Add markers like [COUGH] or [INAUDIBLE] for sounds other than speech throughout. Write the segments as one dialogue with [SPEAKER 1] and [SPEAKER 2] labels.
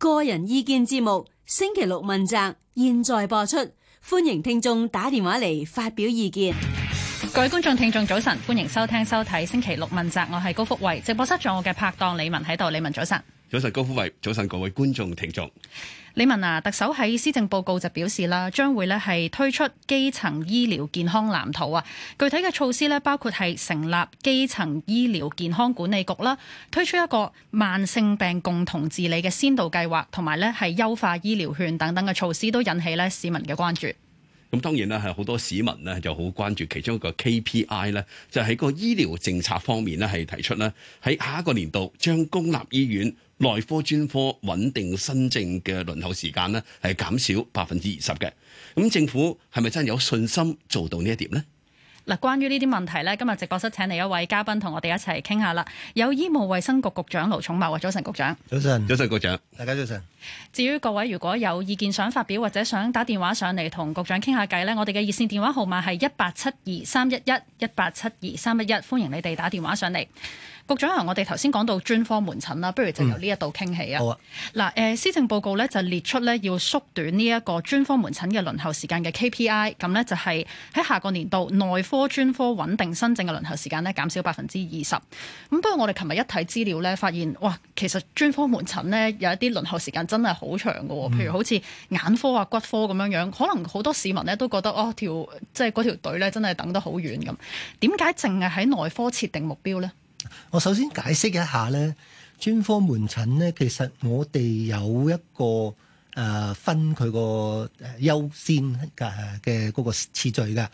[SPEAKER 1] 個人意見節目星期六問責，現在播出，歡迎聽眾打電話嚟發表意見。各位觀眾聽眾早晨，歡迎收聽收睇星期六問責，我係高福慧，直播室仲有我嘅拍檔李文喺度，李文早晨。
[SPEAKER 2] 早晨，高夫慧，早晨各位觀眾聽眾。
[SPEAKER 1] 李文啊，特首喺施政報告就表示啦，將會咧係推出基層醫療健康藍圖啊。具體嘅措施咧，包括係成立基層醫療健康管理局啦，推出一個慢性病共同治理嘅先導計劃，同埋咧係優化醫療券等等嘅措施，都引起咧市民嘅關注。
[SPEAKER 2] 咁當然啦，好多市民呢就好關注其中一個 KPI 咧，就喺個醫療政策方面呢，係提出呢，喺下一個年度將公立醫院內科專科穩定新症嘅輪候時間呢，係減少百分之二十嘅。咁政府係咪真係有信心做到呢一點呢？
[SPEAKER 1] 嗱，關於呢啲問題咧，今日直播室請嚟一位嘉賓同我哋一齊傾下啦。有醫務衛生局局長盧寵茂，早晨局長。早晨，
[SPEAKER 2] 早晨，局長，大家
[SPEAKER 3] 早晨。
[SPEAKER 1] 至於各位如果有意見想發表或者想打電話上嚟同局長傾下偈咧，我哋嘅熱線電話號碼係一八七二三一一一八七二三一一，歡迎你哋打電話上嚟。局長，我哋頭先講到專科門診啦，不如就由呢一度傾起、嗯、啊。嗱，誒，施政報告咧就列出咧要縮短呢一個專科門診嘅輪候時間嘅 KPI，咁咧就係喺下個年度內科專科穩定新症嘅輪候時間咧減少百分之二十。咁不過我哋琴日一睇資料咧，發現哇，其實專科門診咧有一啲輪候時間真係好長㗎喎，譬如好似眼科啊、骨科咁樣樣，可能好多市民咧都覺得哦條即係嗰條隊咧真係等得好遠咁。點解淨係喺內科設定目
[SPEAKER 3] 標咧？我首先解釋一下咧，專科門診咧，其實我哋有一個誒、呃、分佢個優先嘅嘅嗰個次序㗎。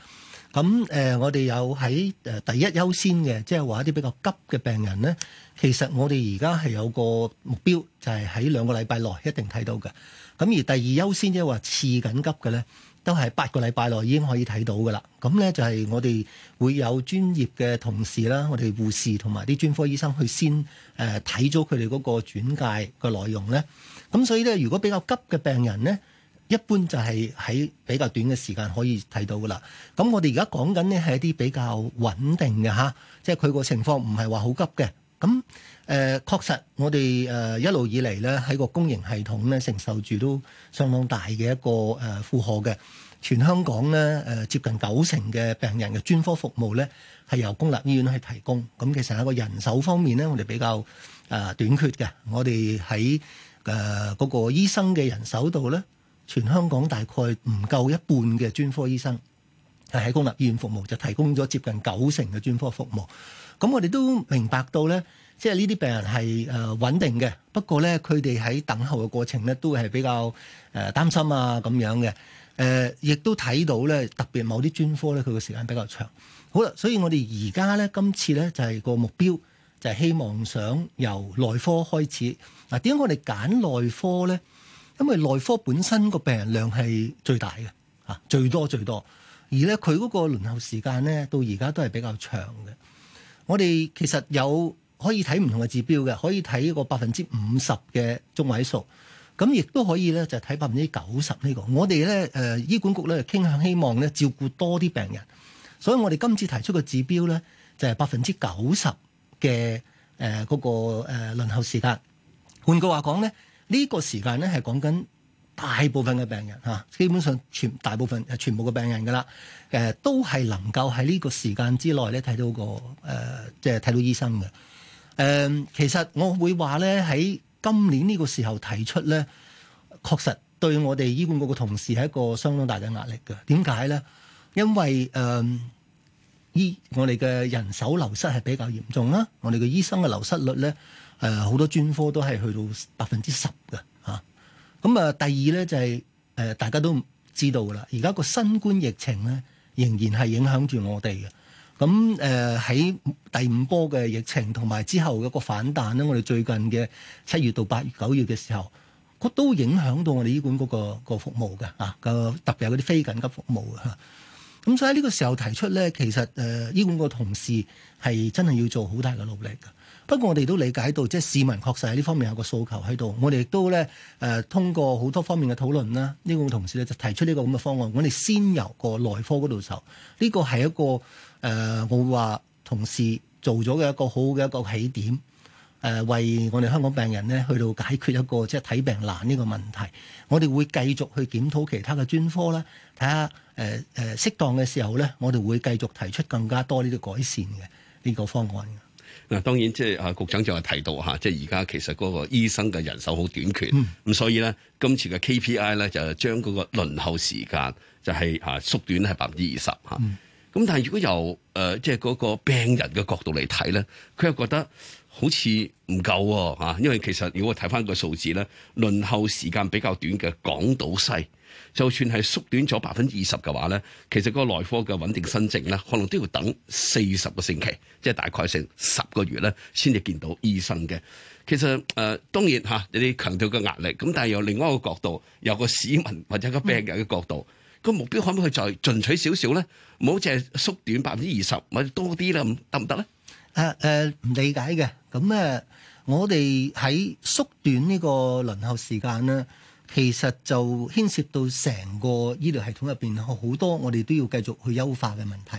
[SPEAKER 3] 咁誒、呃，我哋有喺第一優先嘅，即係話一啲比較急嘅病人咧，其實我哋而家係有個目標，就係、是、喺兩個禮拜內一定睇到嘅。咁而第二優先即係話次緊急嘅咧。都係八個禮拜內已經可以睇到噶啦。咁咧就係我哋會有專業嘅同事啦，我哋護士同埋啲專科醫生去先誒睇咗佢哋嗰個轉介嘅內容咧。咁所以咧，如果比較急嘅病人咧，一般就係喺比較短嘅時間可以睇到噶啦。咁我哋而家講緊咧係一啲比較穩定嘅嚇，即係佢個情況唔係話好急嘅咁。誒確實，我哋誒一路以嚟咧喺個公營系統咧承受住都相當大嘅一個誒負荷嘅。全香港咧誒接近九成嘅病人嘅專科服務咧係由公立醫院去提供。咁其實喺個人手方面咧，我哋比較誒短缺嘅。我哋喺誒嗰個醫生嘅人手度咧，全香港大概唔夠一半嘅專科醫生係喺公立醫院服務，就提供咗接近九成嘅專科服務。咁我哋都明白到咧。即係呢啲病人係誒穩定嘅，不過咧佢哋喺等候嘅過程咧都係比較誒擔心啊咁樣嘅，誒、呃、亦都睇到咧特別某啲專科咧佢嘅時間比較長。好啦，所以我哋而家咧今次咧就係、是、個目標就係、是、希望想由內科開始。嗱、啊，點解我哋揀內科咧？因為內科本身個病人量係最大嘅啊，最多最多，而咧佢嗰個輪候時間咧到而家都係比較長嘅。我哋其實有。可以睇唔同嘅指標嘅，可以睇一個百分之五十嘅中位數，咁亦都可以咧就睇百分之九十呢個。我哋咧誒醫管局咧傾向希望咧照顧多啲病人，所以我哋今次提出嘅指標咧就係百分之九十嘅誒嗰個誒輪候時間。換句話講咧，呢個時間咧係講緊大部分嘅病人嚇，基本上全大部分全部嘅病人噶啦，都係能夠喺呢個時間之內咧睇到個誒、呃、即係睇到醫生嘅。誒、嗯，其實我會話咧，喺今年呢個時候提出咧，確實對我哋醫管局嘅同事係一個相當大嘅壓力嘅。點解咧？因為誒，醫、嗯、我哋嘅人手流失係比較嚴重啦。我哋嘅醫生嘅流失率咧，誒、呃，好多專科都係去到百分之十嘅吓。咁啊，第二咧就係、是、誒、呃，大家都知道噶啦，而家個新冠疫情咧，仍然係影響住我哋嘅。咁誒喺第五波嘅疫情同埋之後嘅一個反彈咧，我哋最近嘅七月到八月九月嘅時候，都影響到我哋醫管局嗰個服務嘅嚇，個特別係嗰啲非緊急服務嘅啊。咁所以喺呢個時候提出咧，其實誒、呃、醫管局個同事係真係要做好大嘅努力嘅。不過我哋都理解到，即係市民確實喺呢方面有個訴求喺度。我哋亦都咧誒、呃、通過好多方面嘅討論啦，醫管局嘅同事咧就提出呢個咁嘅方案。我哋先由個內科嗰度受，呢個係一個。誒、呃，我會話同事做咗嘅一個好嘅一個起點，誒、呃，為我哋香港病人咧，去到解決一個即係睇病難呢個問題，我哋會繼續去檢討其他嘅專科啦，睇下誒誒適當嘅時候咧，我哋會繼續提出更加多呢啲改善嘅呢、這個方案。
[SPEAKER 2] 嗱，當然即係啊，局長就係提到吓，即係而家其實嗰個醫生嘅人手好短缺，咁、嗯、所以咧，今次嘅 KPI 咧就將嗰個輪候時間就係、是、吓縮短係百分之二十吓。嗯咁但係如果由誒即係嗰個病人嘅角度嚟睇咧，佢又覺得好似唔夠嚇、哦啊，因為其實如果我睇翻個數字咧，輪候時間比較短嘅港島西，就算係縮短咗百分之二十嘅話咧，其實個內科嘅穩定新症咧，可能都要等四十個星期，即、就、係、是、大概成十個月咧，先至見到醫生嘅。其實誒、呃、當然嚇，你、啊、強調個壓力，咁但係由另外一個角度，由個市民或者個病人嘅角度。個目標可唔可以再進取少少咧？唔好淨係縮短百分之二十，咪多啲啦，得唔得咧？
[SPEAKER 3] 誒誒、呃，唔、呃、理解嘅。咁誒、呃，我哋喺縮短呢個輪候時間咧，其實就牽涉到成個醫療系統入邊好多，我哋都要繼續去優化嘅問題。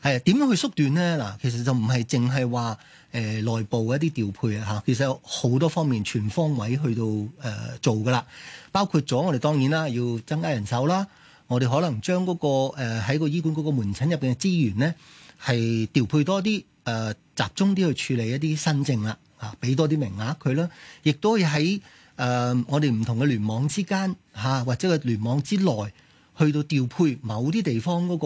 [SPEAKER 3] 係啊，點樣去縮短咧？嗱，其實就唔係淨係話誒內部一啲調配啊吓，其實有好多方面全方位去到誒、呃、做噶啦，包括咗我哋當然啦，要增加人手啦。我哋可能將嗰、那個喺、呃、個醫館嗰個門診入邊嘅資源咧，係調配多啲誒、呃，集中啲去處理一啲新症啦，啊，俾多啲名額佢啦，亦、啊、都可以喺誒、呃、我哋唔同嘅聯網之間嚇、啊，或者個聯網之內去到調配某啲地方嗰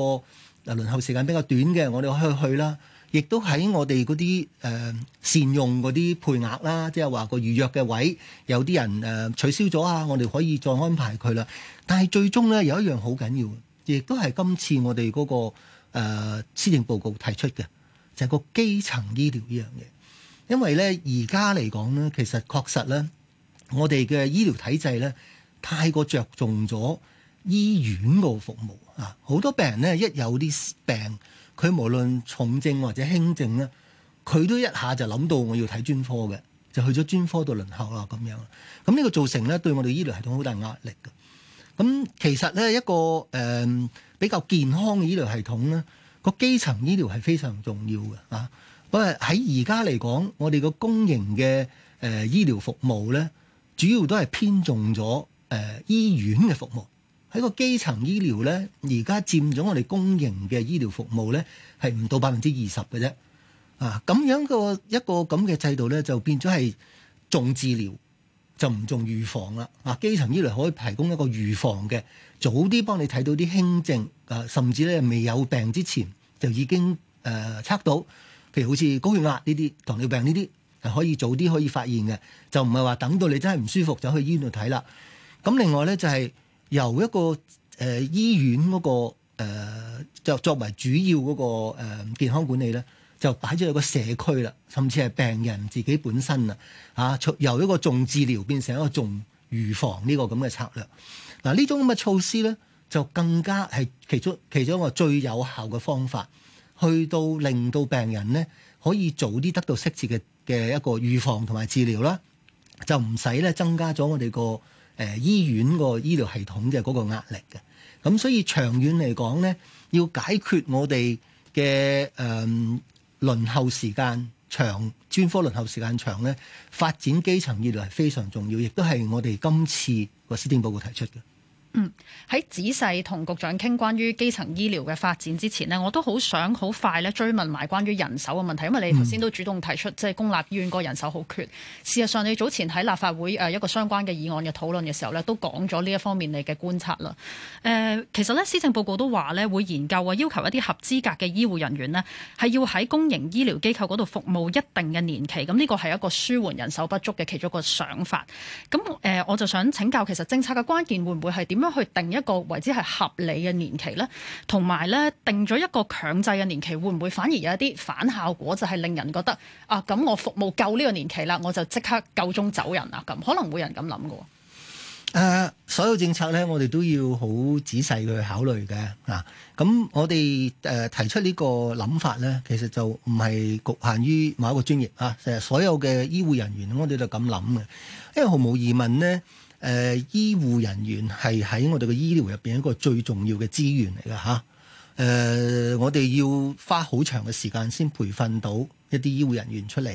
[SPEAKER 3] 個誒輪候時間比較短嘅，我哋可以去啦。亦都喺我哋嗰啲誒善用嗰啲配額啦，即係話個預約嘅位有啲人、呃、取消咗啊，我哋可以再安排佢啦。但係最終咧有一樣好緊要，亦都係今次我哋嗰、個誒、呃、施政報告提出嘅，就係、是、個基層醫療呢樣嘢。因為咧而家嚟講咧，其實確實咧，我哋嘅醫療體制咧太過着重咗醫院個服務啊，好多病人咧一有啲病。佢無論重症或者輕症咧，佢都一下就諗到我要睇專科嘅，就去咗專科度輪候啦咁樣。咁呢個造成咧對我哋醫療系統好大壓力嘅。咁其實咧一個誒、呃、比較健康嘅醫療系統咧，個基層醫療係非常重要嘅啊。不過喺而家嚟講，我哋個公營嘅誒、呃、醫療服務咧，主要都係偏重咗誒、呃、醫院嘅服務。喺個基層醫療咧，而家佔咗我哋公營嘅醫療服務咧，係唔到百分之二十嘅啫。啊，咁樣個一個咁嘅制度咧，就變咗係重治療，就唔重預防啦。啊，基層醫療可以提供一個預防嘅，早啲幫你睇到啲輕症，誒、啊、甚至咧未有病之前就已經誒、呃、測到，譬如好似高血壓呢啲、糖尿病呢啲，係可以早啲可以發現嘅，就唔係話等到你真係唔舒服就去醫院度睇啦。咁另外咧就係、是。由一個誒、呃、醫院嗰、那個就、呃、作為主要嗰、那個、呃、健康管理咧，就擺咗一個社區啦，甚至係病人自己本身啦、啊，由一個重治療變成一個重預防呢個咁嘅策略。嗱、啊、呢種咁嘅措施咧，就更加係其中其中一個最有效嘅方法，去到令到病人咧可以早啲得到適切嘅嘅一個預防同埋治療啦，就唔使咧增加咗我哋個誒、醫院個醫療系統嘅嗰個壓力嘅，咁所以長遠嚟講咧，要解決我哋嘅誒輪候時間長、專科輪候時間長咧，發展基層醫療係非常重要，亦都係我哋今次個施政報告提出嘅。
[SPEAKER 1] 喺、嗯、仔細同局長傾關於基層醫療嘅發展之前呢，我都好想好快咧追問埋關於人手嘅問題，因為你頭先都主動提出即係公立醫院嗰人手好缺。事實上，你早前喺立法會誒一個相關嘅議案嘅討論嘅時候呢，都講咗呢一方面你嘅觀察啦。誒、呃，其實呢，施政報告都話呢會研究啊，要求一啲合資格嘅醫護人員呢，係要喺公營醫療機構嗰度服務一定嘅年期。咁呢個係一個舒緩人手不足嘅其中一個想法。咁誒、呃，我就想請教，其實政策嘅關鍵會唔會係點樣？去定一個為之係合理嘅年期咧，同埋咧定咗一個強制嘅年期，會唔會反而有一啲反效果？就係令人覺得啊，咁我服務夠呢個年期啦，我就即刻夠鐘走人啦。咁可能會有人咁諗嘅。
[SPEAKER 3] 誒、呃，所有政策咧，我哋都要好仔細去考慮嘅。咁、啊、我哋誒、呃、提出這個想呢個諗法咧，其實就唔係局限於某一個專業啊，所有嘅醫護人員，我哋就咁諗嘅，因為毫無疑問咧。誒、呃，醫護人員係喺我哋嘅醫療入邊一個最重要嘅資源嚟㗎嚇。誒、呃，我哋要花好長嘅時間先培訓到一啲醫護人員出嚟，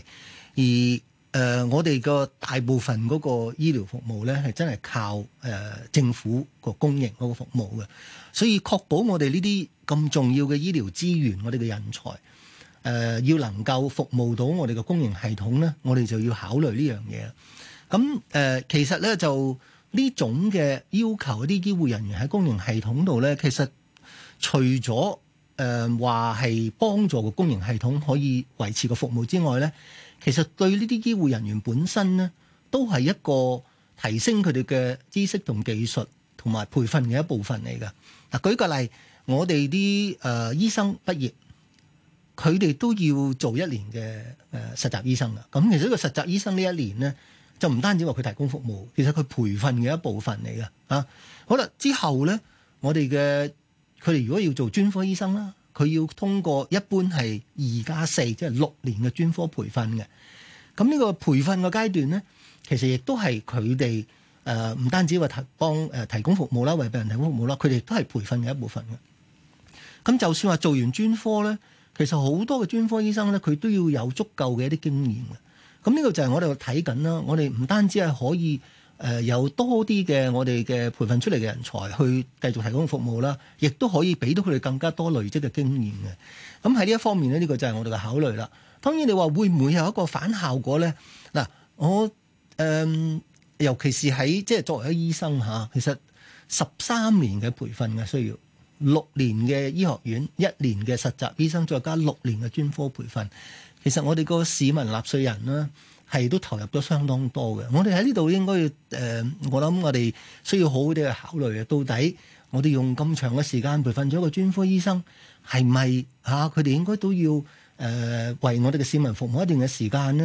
[SPEAKER 3] 而誒、呃，我哋個大部分嗰個醫療服務咧，係真係靠誒、呃、政府個公營嗰個服務嘅，所以確保我哋呢啲咁重要嘅醫療資源，我哋嘅人才誒、呃，要能夠服務到我哋嘅公營系統咧，我哋就要考慮呢樣嘢。咁誒、呃，其實咧就呢種嘅要求，啲醫護人員喺公營系統度咧，其實除咗誒話係幫助個公營系統可以維持個服務之外咧，其實對呢啲醫護人員本身咧，都係一個提升佢哋嘅知識同技術同埋培訓嘅一部分嚟噶。嗱，舉個例，我哋啲誒醫生畢業，佢哋都要做一年嘅誒、呃、實習醫生啦。咁其實個實習醫生呢一年咧，就唔單止話佢提供服務，其實佢培訓嘅一部分嚟嘅。啊好啦，之後咧，我哋嘅佢哋如果要做專科醫生啦，佢要通過一般係二加四，即係六年嘅專科培訓嘅。咁呢個培訓嘅階段咧，其實亦都係佢哋誒唔單止話提幫誒提供服務啦，為病人提供服務啦，佢哋都係培訓嘅一部分嘅。咁就算話做完專科咧，其實好多嘅專科醫生咧，佢都要有足夠嘅一啲經驗嘅。咁呢個就係我哋睇緊啦，我哋唔單止係可以誒有多啲嘅我哋嘅培訓出嚟嘅人才去繼續提供服務啦，亦都可以俾到佢哋更加多累積嘅經驗嘅。咁喺呢一方面咧，呢、呢個就係我哋嘅考慮啦。當然你話會唔會有一個反效果咧？嗱，我、呃、尤其是喺即係作為一醫生下，其實十三年嘅培訓嘅需要，六年嘅醫學院，一年嘅實習醫生，再加六年嘅專科培訓。其實我哋個市民納稅人咧，係都投入咗相當多嘅。我哋喺呢度應該要誒，我諗我哋需要好好哋去考慮嘅。到底我哋用咁長嘅時間培訓咗個專科醫生，係咪吓佢哋應該都要誒、呃、為我哋嘅市民服務一段嘅時間咧？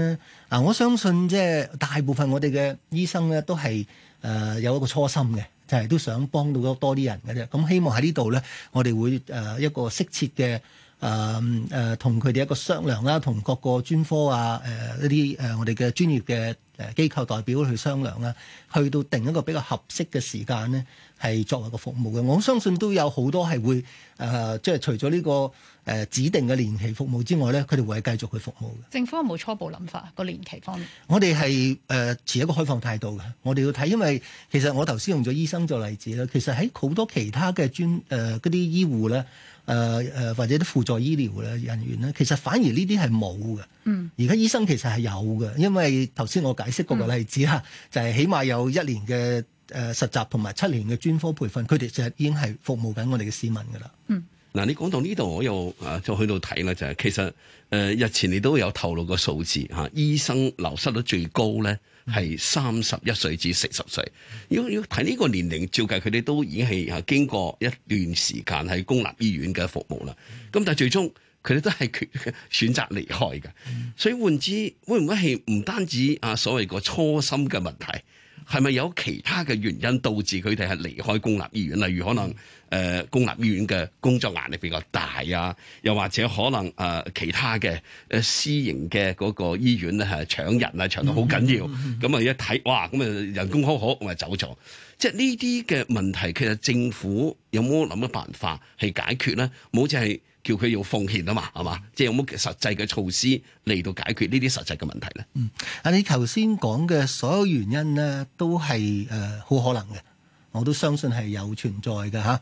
[SPEAKER 3] 嗱、啊，我相信即係、呃、大部分我哋嘅醫生咧，都係誒、呃、有一個初心嘅，就係、是、都想幫到多啲人嘅啫。咁、呃、希望喺呢度咧，我哋會誒、呃、一個適切嘅。誒誒，同佢哋一個商量啦，同各個專科啊，誒、呃、一啲誒、呃、我哋嘅專業嘅誒機構代表去商量啦，去到定一個比較合適嘅時間咧，係作為一個服務嘅。我相信都有好多係會誒、呃，即係除咗呢個。誒、呃、指定嘅年期服務之外咧，佢哋會繼續去服務嘅。
[SPEAKER 1] 政府有冇初步諗法個年期方面？
[SPEAKER 3] 我哋係誒持一個開放態度嘅。我哋要睇，因為其實我頭先用咗醫生做例子啦。其實喺好多其他嘅專誒嗰啲醫護咧，誒、呃、誒或者啲輔助醫療咧人員咧，其實反而呢啲係冇嘅。嗯，而家醫生其實係有嘅，因為頭先我解釋過個例子嚇，嗯、就係起碼有一年嘅誒實習同埋七年嘅專科培訓，佢哋就已經係服務緊我哋嘅市民噶啦。嗯。
[SPEAKER 2] 嗱，你講到呢度，我又啊就去到睇咧，就係、是、其實誒、呃、日前你都有透露個數字嚇、啊，醫生流失率最高咧係三十一歲至四十歲，如果如果睇呢個年齡，照計佢哋都已經係經過一段時間喺公立醫院嘅服務啦，咁但係最終佢哋都係決選擇離開嘅，所以換之會唔會係唔單止啊所謂個初心嘅問題？係咪有其他嘅原因導致佢哋係離開公立醫院？例如可能誒、呃、公立醫院嘅工作壓力比較大啊，又或者可能誒、呃、其他嘅誒、呃、私營嘅嗰個醫院咧係搶人啊，搶到好緊要。咁啊 [LAUGHS] 一睇，哇！咁啊人工好好，咪走咗。 [LAUGHS] 即係呢啲嘅問題，其實政府有冇諗嘅辦法去解決咧？冇就係。叫佢要奉獻啊嘛，係嘛？即係有冇實際嘅措施嚟到解決呢啲實際嘅問題咧？
[SPEAKER 3] 嗯，啊，你頭先講嘅所有原因咧，都係誒好可能嘅，我都相信係有存在嘅㗎。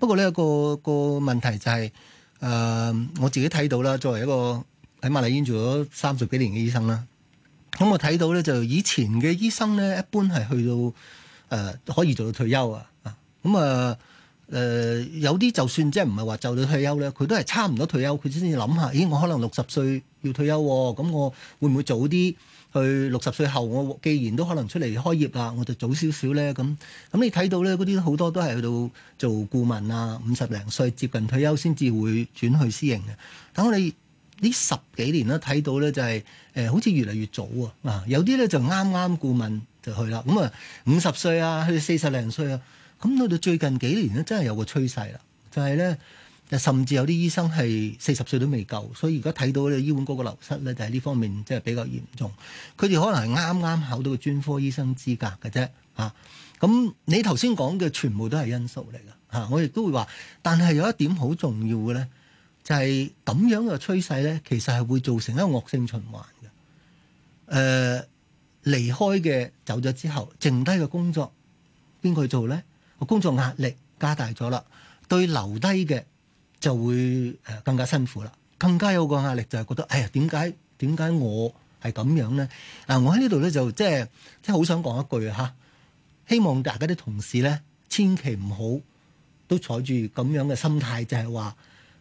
[SPEAKER 3] 不過咧個個問題就係、是、誒、呃，我自己睇到啦，作為一個喺瑪麗做咗三十幾年嘅醫生啦，咁我睇到咧就以前嘅醫生咧，一般係去到誒、呃、可以做到退休啊，啊咁啊。誒、呃、有啲就算即係唔係話就到退休呢，佢都係差唔多退休，佢先至諗下，咦、哎？我可能六十歲要退休喎，咁我會唔會早啲去六十歲後？我既然都可能出嚟開業啦，我就早少少呢。咁咁你睇到呢，嗰啲好多都係去到做顧問啊，五十零歲接近退休先至會轉去私營嘅。但我哋呢十幾年咧睇到、就係呃越越啊、呢，就係好似越嚟越早啊！有啲呢，就啱啱顧問就去啦。咁啊，五十歲啊，去到四十零歲啊。咁到到最近幾年咧，真係有個趨勢啦，就係咧，甚至有啲醫生係四十歲都未夠，所以而家睇到呢，醫管局個流失咧，就係、是、呢方面即係比較嚴重。佢哋可能係啱啱考到個專科醫生資格嘅啫，吓，咁你頭先講嘅全部都係因素嚟㗎，吓，我亦都會話，但係有一點好重要嘅咧，就係、是、咁樣嘅趨勢咧，其實係會造成一個惡性循環嘅。誒、呃，離開嘅走咗之後，剩低嘅工作邊個做咧？工作壓力加大咗啦，對留低嘅就會誒更加辛苦啦，更加有個壓力就係覺得，哎呀，點解點解我係咁樣呢？嗱，我喺呢度咧就即係即係好想講一句嚇，希望大家啲同事呢，千祈唔好都採住咁樣嘅心態，就係話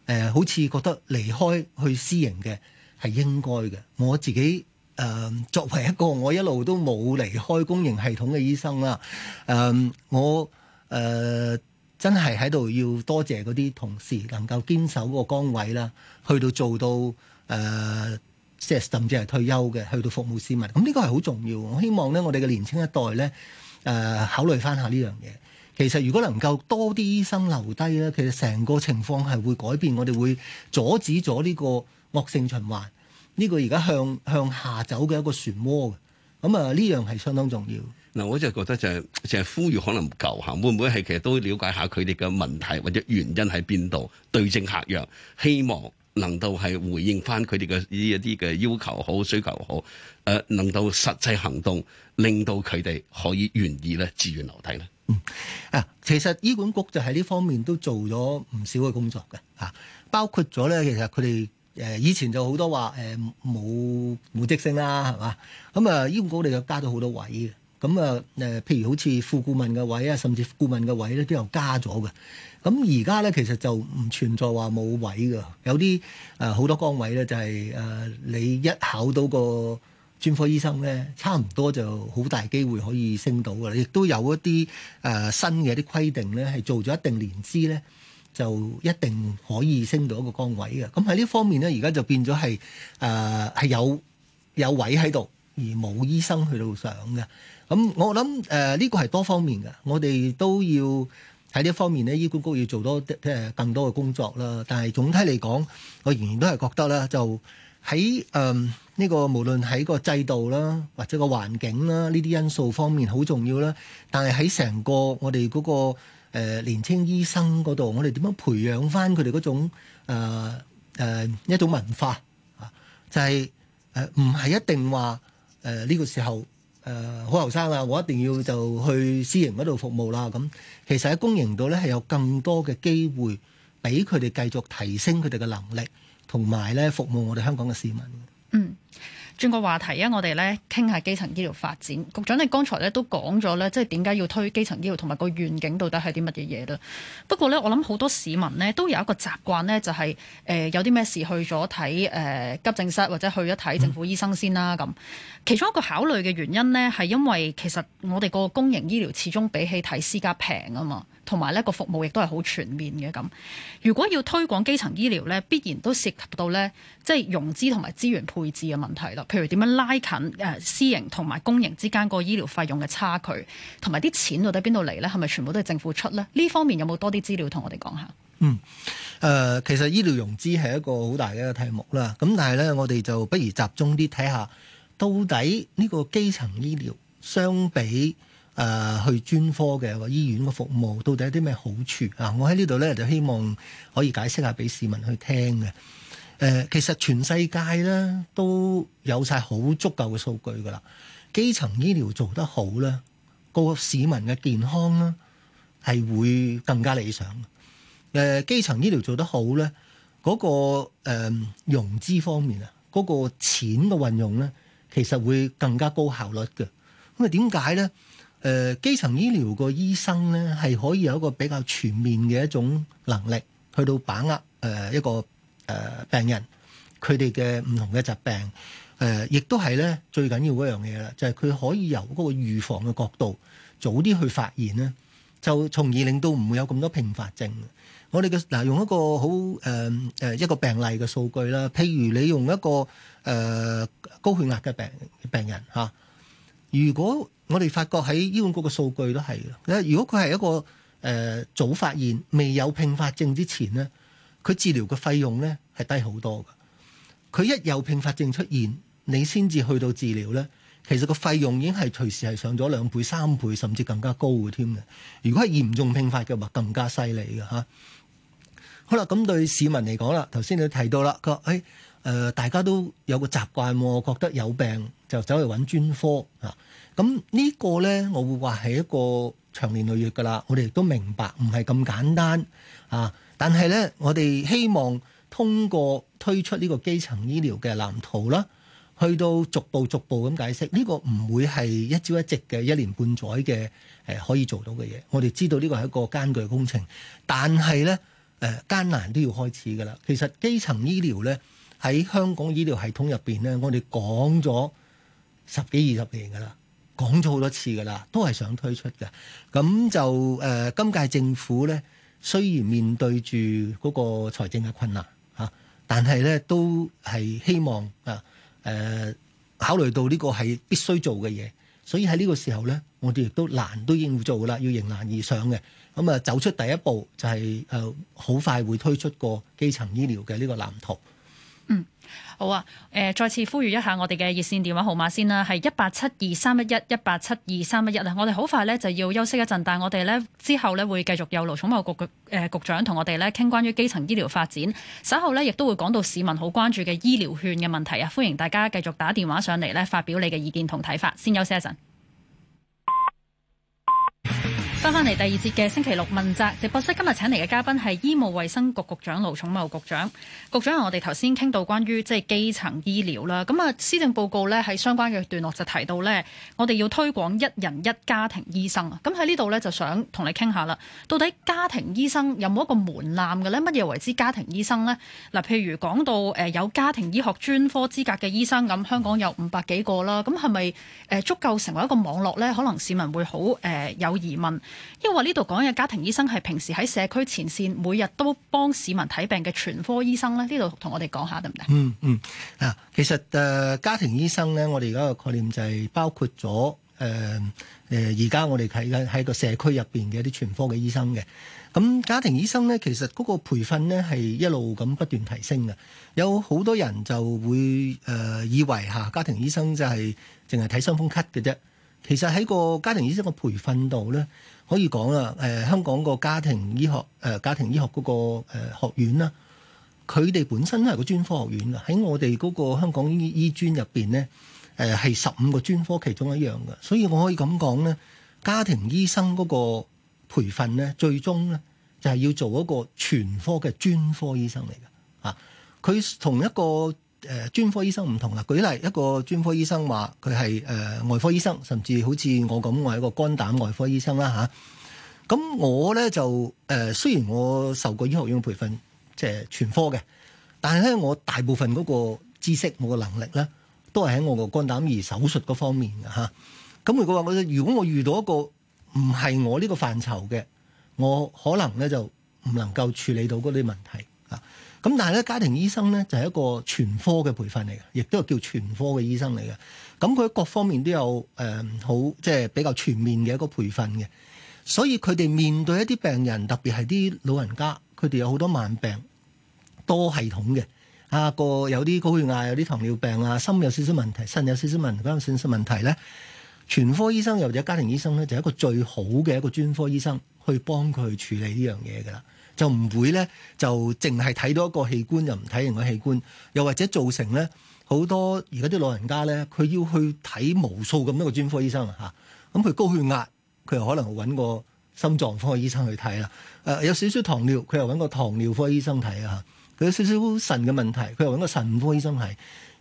[SPEAKER 3] 誒好似覺得離開去私營嘅係應該嘅。我自己誒、呃、作為一個我一路都冇離開公營系統嘅醫生啦，誒、呃、我。誒、呃、真係喺度要多謝嗰啲同事能夠堅守個崗位啦，去到做到誒，呃、即甚至係退休嘅，去到服務市民。咁、嗯、呢、呢個係好重要。我希望呢我哋嘅年青一代呢誒、呃、考慮翻下呢樣嘢。其實如果能夠多啲醫生留低呢，其實成個情況係會改變，我哋會阻止咗呢個惡性循環。呢、呢個而家向向下走嘅一個漩渦咁啊，呢、嗯、樣係相當重要。
[SPEAKER 2] 嗱，我就覺得就係、是，就係、是、呼籲可能唔夠嚇，會唔會係其實都了解下佢哋嘅問題或者原因喺邊度，對症下藥，希望能夠係回應翻佢哋嘅呢一啲嘅要求好、需求好，誒、呃、能夠實際行動，令到佢哋可以願意咧，自願留低咧。嗯
[SPEAKER 3] 啊，其實醫管局就喺呢方面都做咗唔少嘅工作嘅嚇、啊，包括咗咧，其實佢哋誒以前就好多話誒冇冇晉升啦，係嘛？咁、嗯、啊，醫管局我哋又加咗好多位嘅。咁啊，誒，譬如好似副顧問嘅位啊，甚至顧問嘅位咧，都有加咗嘅。咁而家咧，其實就唔存在話冇位㗎。有啲誒好多崗位咧，就係誒你一考到個專科醫生咧，差唔多就好大機會可以升到㗎喇。亦都有一啲誒新嘅啲規定咧，係做咗一定年資咧，就一定可以升到一個崗位嘅。咁喺呢方面咧，而家就變咗係誒係有有位喺度。而冇醫生去到上嘅，咁我諗誒呢個係多方面嘅，我哋都要喺呢一方面呢，醫管局要做多啲即係、呃、更多嘅工作啦。但係總體嚟講，我仍然都係覺得啦，就喺誒呢個無論喺個制度啦，或者個環境啦，呢啲因素方面好重要啦。但係喺成個我哋嗰、嗰個、呃、年青醫生嗰度，我哋點樣培養翻佢哋嗰種誒、呃呃、一種文化啊？就係誒唔係一定話。誒，呢個時候誒，好後生啊，我一定要就去私營嗰度服務啦。咁其實喺公營度呢，係有更多嘅機會俾佢哋繼續提升佢哋嘅能力，同埋呢服務我哋香港嘅市民。嗯。
[SPEAKER 1] 轉個話題啊，我哋咧傾下基層醫療發展。局長你剛才咧都講咗咧，即係點解要推基層醫療，同埋個願景到底係啲乜嘢嘢咧？不過咧，我諗好多市民咧都有一個習慣咧，就係誒有啲咩事去咗睇誒急症室，或者去咗睇政府醫生先啦。咁其中一個考慮嘅原因咧，係因為其實我哋個公營醫療始終比起睇私家平啊嘛。同埋呢個服務亦都係好全面嘅。咁如果要推廣基層醫療呢，必然都涉及到呢，即係融資同埋資源配置嘅問題啦。譬如點樣拉近誒私營同埋公營之間個醫療費用嘅差距，同埋啲錢到底邊度嚟呢？係咪全部都係政府出呢？呢方面有冇多啲資料同我哋講下？嗯，
[SPEAKER 3] 誒、呃、其實醫療融資係一個好大嘅一個題目啦。咁但係呢，我哋就不如集中啲睇下，到底呢個基層醫療相比，誒、呃、去專科嘅或醫院嘅服務，到底有啲咩好處啊？我喺呢度咧就希望可以解釋下俾市民去聽嘅。誒、呃，其實全世界咧都有晒好足夠嘅數據㗎喇。基層醫療做得好咧，個市民嘅健康咧係會更加理想嘅。誒、呃，基層醫療做得好咧，嗰、那個、呃、融資方面啊，嗰、那個錢嘅運用咧，其實會更加高效率嘅。咁啊，點解咧？誒、呃，基層醫療個醫生咧，係可以有一個比較全面嘅一種能力，去到把握誒、呃、一個誒、呃、病人佢哋嘅唔同嘅疾病。誒、呃，亦都係咧最緊要嗰樣嘢啦，就係、是、佢可以由嗰個預防嘅角度，早啲去發現咧，就從而令到唔會有咁多併發症。我哋嘅嗱，用一個好誒誒一個病例嘅數據啦，譬如你用一個誒、呃、高血壓嘅病病人嚇、啊，如果我哋發覺喺醫管局嘅數據都係咯，如果佢係一個誒、呃、早發現未有併發症之前咧，佢治療嘅費用咧係低好多嘅。佢一有併發症出現，你先至去到治療咧，其實個費用已經係隨時係上咗兩倍、三倍，甚至更加高嘅添嘅。如果係嚴重併發嘅話，更加犀利嘅嚇。好啦，咁對市民嚟講啦，頭先你都提到啦，個誒。哎呃、大家都有個習慣，覺得有病就走去揾專科嚇。咁、啊、呢個呢，我會話係一個長年累月噶啦。我哋都明白唔係咁簡單啊。但係呢，我哋希望通過推出呢個基層醫療嘅藍圖啦，去到逐步逐步咁解釋。呢、呢個唔會係一朝一夕嘅，一年半載嘅、呃、可以做到嘅嘢。我哋知道呢個係一個艱巨工程，但係呢誒、呃、艱難都要開始噶啦。其實基層醫療呢。喺香港醫療系統入邊咧，我哋講咗十幾二十年㗎喇，講咗好多次㗎喇，都係想推出嘅。咁就誒、呃，今屆政府咧，雖然面對住嗰個財政嘅困難嚇、啊，但係咧都係希望啊誒、呃，考慮到呢個係必須做嘅嘢，所以喺呢個時候咧，我哋亦都難都應做啦，要迎難而上嘅。咁啊，走出第一步就係、是、誒，好、呃、快會推出個基層醫療嘅呢個藍圖。
[SPEAKER 1] 嗯，好啊，誒、呃，再次呼籲一下我哋嘅熱線電話號碼先啦，係一八七二三一一一八七二三一一啊，我哋好快咧就要休息一陣，但係我哋咧之後咧會繼續有盧寵茂局嘅誒、呃、局長同我哋咧傾關於基層醫療發展，稍後咧亦都會講到市民好關注嘅醫療券嘅問題啊，歡迎大家繼續打電話上嚟咧發表你嘅意見同睇法，先休息一陣。翻返嚟第二節嘅星期六問責，直播室今日請嚟嘅嘉賓係醫務衛生局局長盧寵茂局長。局長，我哋頭先傾到關於即係基層醫療啦，咁啊，施政報告呢喺相關嘅段落就提到呢，我哋要推廣一人一家庭醫生啊。咁喺呢度呢，就想同你傾下啦，到底家庭醫生有冇一個門檻嘅呢？乜嘢為之家庭醫生呢？嗱，譬如講到誒有家庭醫學專科資格嘅醫生咁，香港有五百幾個啦，咁係咪誒足夠成為一個網絡呢？可能市民會好誒有疑問。因為呢度講嘅家庭醫生係平時喺社區前線，每日都幫市民睇病嘅全科醫生咧。呢度同我哋講下得唔得？
[SPEAKER 3] 嗯嗯，啊，其實誒，家庭醫生咧，我哋而家個概念就係包括咗誒誒，而、呃、家我哋睇緊喺個社區入邊嘅一啲全科嘅醫生嘅。咁家庭醫生咧，其實嗰個培訓咧係一路咁不斷提升嘅。有好多人就會誒、呃、以為吓家庭醫生就係淨係睇傷風咳嘅啫。其實喺個家庭醫生嘅培訓度咧，可以講啦，誒、呃、香港個家庭醫學誒、呃、家庭醫學嗰個誒學院啦，佢哋本身都係個專科學院啦。喺我哋嗰個香港醫醫專入邊咧，誒係十五個專科其中一樣嘅，所以我可以咁講咧，家庭醫生嗰個培訓咧，最終咧就係、是、要做一個全科嘅專科醫生嚟嘅啊！佢同一個。誒專科醫生唔同啦，舉例一個專科醫生話佢係誒外科醫生，甚至好似我咁，我係一個肝膽外科醫生啦吓，咁、啊、我咧就誒、啊，雖然我受過醫學院嘅培訓，即、就、係、是、全科嘅，但係咧我大部分嗰個知識、我個能力咧，都係喺我個肝膽胰手術嗰方面嘅。咁、啊、如果話我，如果我遇到一個唔係我呢個範疇嘅，我可能咧就唔能夠處理到嗰啲問題啊。咁但係咧，家庭醫生咧就係一個全科嘅培訓嚟嘅，亦都係叫全科嘅醫生嚟嘅。咁佢各方面都有誒好，即係比較全面嘅一個培訓嘅。所以佢哋面對一啲病人，特別係啲老人家，佢哋有好多慢病、多系統嘅啊，個有啲高血壓、有啲糖尿病啊，心有少少問題，腎有少少問題，咁樣少少問題咧，全科醫生又或者家庭醫生咧，就係一個最好嘅一個專科醫生去幫佢去處理呢樣嘢噶啦。就唔會咧，就淨係睇到一個器官，又唔睇另外器官，又或者造成咧好多而家啲老人家咧，佢要去睇無數咁多個專科醫生啊嚇。咁佢高血壓，佢又可能揾個心臟科醫生去睇啦。誒、啊，有少少糖尿，佢又揾個糖尿科醫生睇啊嚇。佢有少少腎嘅問題，佢又揾個腎科醫生睇。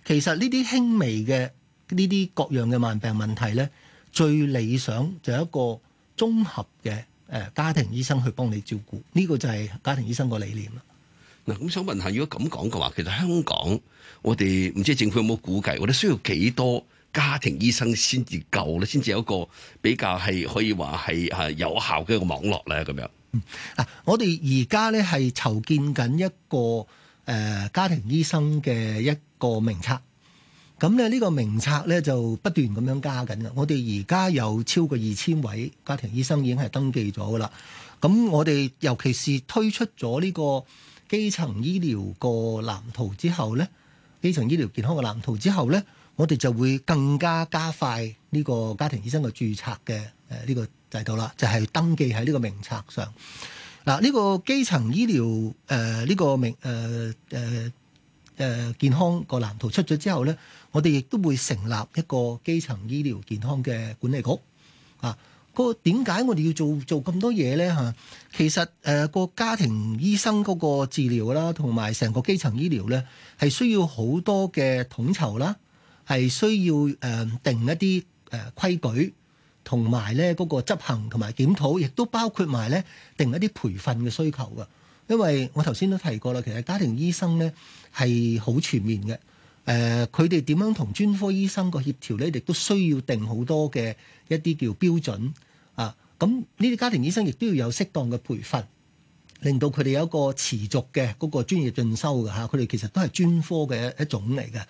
[SPEAKER 3] 其實呢啲輕微嘅呢啲各樣嘅慢病問題咧，最理想就係一個綜合嘅。誒家庭醫生去幫你照顧，呢個就係家庭醫生個理念啦。
[SPEAKER 2] 嗱，咁想問下，如果咁講嘅話，其實香港我哋唔知政府有冇估計，我哋需要幾多家庭醫生先至夠咧，先至有一個比較係可以話係啊有效嘅一個網絡咧。咁樣，
[SPEAKER 3] 嗱，我哋而家咧係籌建緊一個誒家庭醫生嘅一個名冊。咁咧呢個名冊呢，就不斷咁樣加緊。我哋而家有超過二千位家庭醫生已經係登記咗㗎喇。咁我哋尤其是推出咗呢個基層醫療個藍圖之後呢，基層醫療健康嘅藍圖之後呢，我哋就會更加加快呢個家庭醫生嘅註冊嘅呢個制度啦，就係登記喺呢個名冊上。嗱，呢個基層醫療誒呢、呃呢個名誒誒。呃呃誒健康個藍圖出咗之後咧，我哋亦都會成立一個基層醫療健康嘅管理局啊。個點解我哋要做做咁多嘢咧嚇？其實誒個、呃、家庭醫生嗰個治療啦，同埋成個基層醫療咧，係需要好多嘅統籌啦，係需要誒定一啲誒規矩，同埋咧嗰個執行同埋檢討，亦都包括埋咧定一啲培訓嘅需求噶。因為我頭先都提過啦，其實家庭醫生呢係好全面嘅。誒、呃，佢哋點樣同專科醫生個協調呢，亦都需要定好多嘅一啲叫標準啊。咁呢啲家庭醫生亦都要有適當嘅培訓，令到佢哋有一個持續嘅嗰個專業進修嘅吓。佢、啊、哋其實都係專科嘅一種嚟嘅。